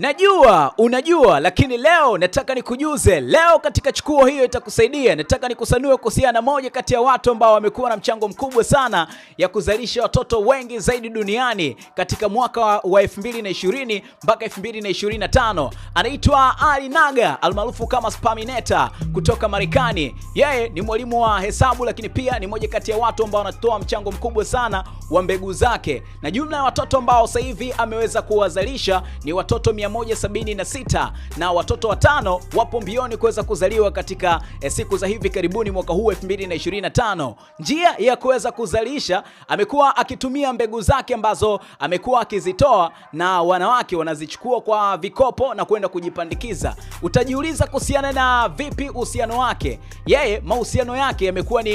Najua unajua, lakini leo nataka nikujuze. Leo katika Chukuo hiyo itakusaidia, nataka nikusanue kuhusiana na moja kati ya watu ambao wamekuwa na mchango mkubwa sana ya kuzalisha watoto wengi zaidi duniani katika mwaka wa 2020 mpaka 2025. Anaitwa Ali Naga almaarufu kama Spamineta kutoka Marekani. Yeye ni mwalimu wa hesabu, lakini pia ni moja kati ya watu ambao wanatoa mchango mkubwa sana wa mbegu zake, na jumla ya watoto ambao sasa hivi ameweza kuwazalisha ni watoto mia 176 na watoto watano wapo mbioni kuweza kuzaliwa katika eh, siku za hivi karibuni mwaka huu 2025. Njia ya kuweza kuzalisha amekuwa akitumia mbegu zake ambazo amekuwa akizitoa na wanawake wanazichukua kwa vikopo na kwenda kujipandikiza. Utajiuliza kuhusiana na vipi uhusiano wake. Yeye mahusiano yake yamekuwa ni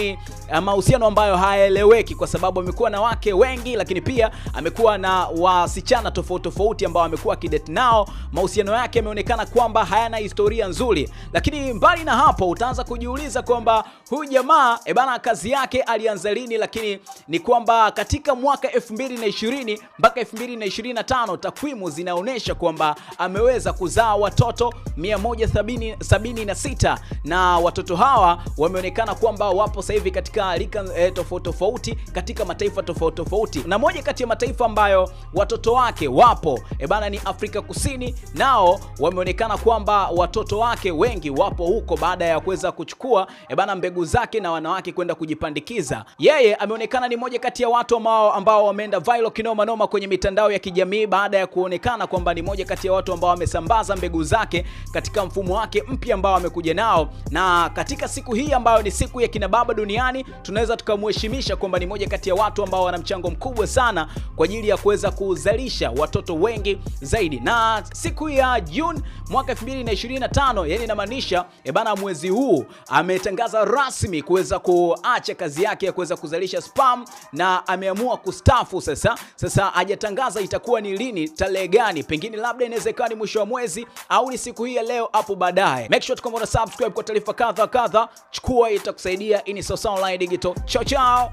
eh, mahusiano ambayo haeleweki kwa sababu amekuwa na wake wengi, lakini pia amekuwa na wasichana tofauti tofauti ambao amekuwa akidate nao mahusiano yake yameonekana kwamba hayana historia nzuri. Lakini mbali na hapo, utaanza kujiuliza kwamba huyu jamaa eh bana, kazi yake alianza lini? Lakini ni kwamba katika mwaka 2020 mpaka 2025 takwimu zinaonyesha kwamba ameweza kuzaa watoto 176 na watoto hawa wameonekana kwamba wapo sasa hivi katika lika eh, tofauti tofauti katika mataifa tofauti tofauti, na moja kati ya mataifa ambayo watoto wake wapo eh bana ni Afrika Kusini. Kusini nao wameonekana kwamba watoto wake wengi wapo huko baada ya kuweza kuchukua e bana mbegu zake na wanawake kwenda kujipandikiza. Yeye ameonekana ni moja kati ya watu ambao ambao wameenda viral kinoma noma kwenye mitandao ya kijamii baada ya kuonekana kwamba ni moja kati ya watu ambao wamesambaza mbegu zake katika mfumo wake mpya ambao amekuja nao, na katika siku hii ambayo ni siku ya kina baba duniani, tunaweza tukamheshimisha kwamba ni moja kati ya watu ambao wana mchango mkubwa sana kwa ajili ya kuweza kuzalisha watoto wengi zaidi na siku ya Juni mwaka 2025, yani inamaanisha ebana, eh, mwezi huu ametangaza rasmi kuweza kuacha kazi yake ya kuweza kuzalisha spam na ameamua kustafu sasa. Sasa hajatangaza itakuwa ni lini, tarehe gani, pengine labda inaweza ikawa ni mwisho wa mwezi au ni siku hii ya leo hapo baadaye. Make sure tukomona subscribe kwa taarifa kadha kadha, chukua itakusaidia. Ini Sawasawa Online Digital, chao chao.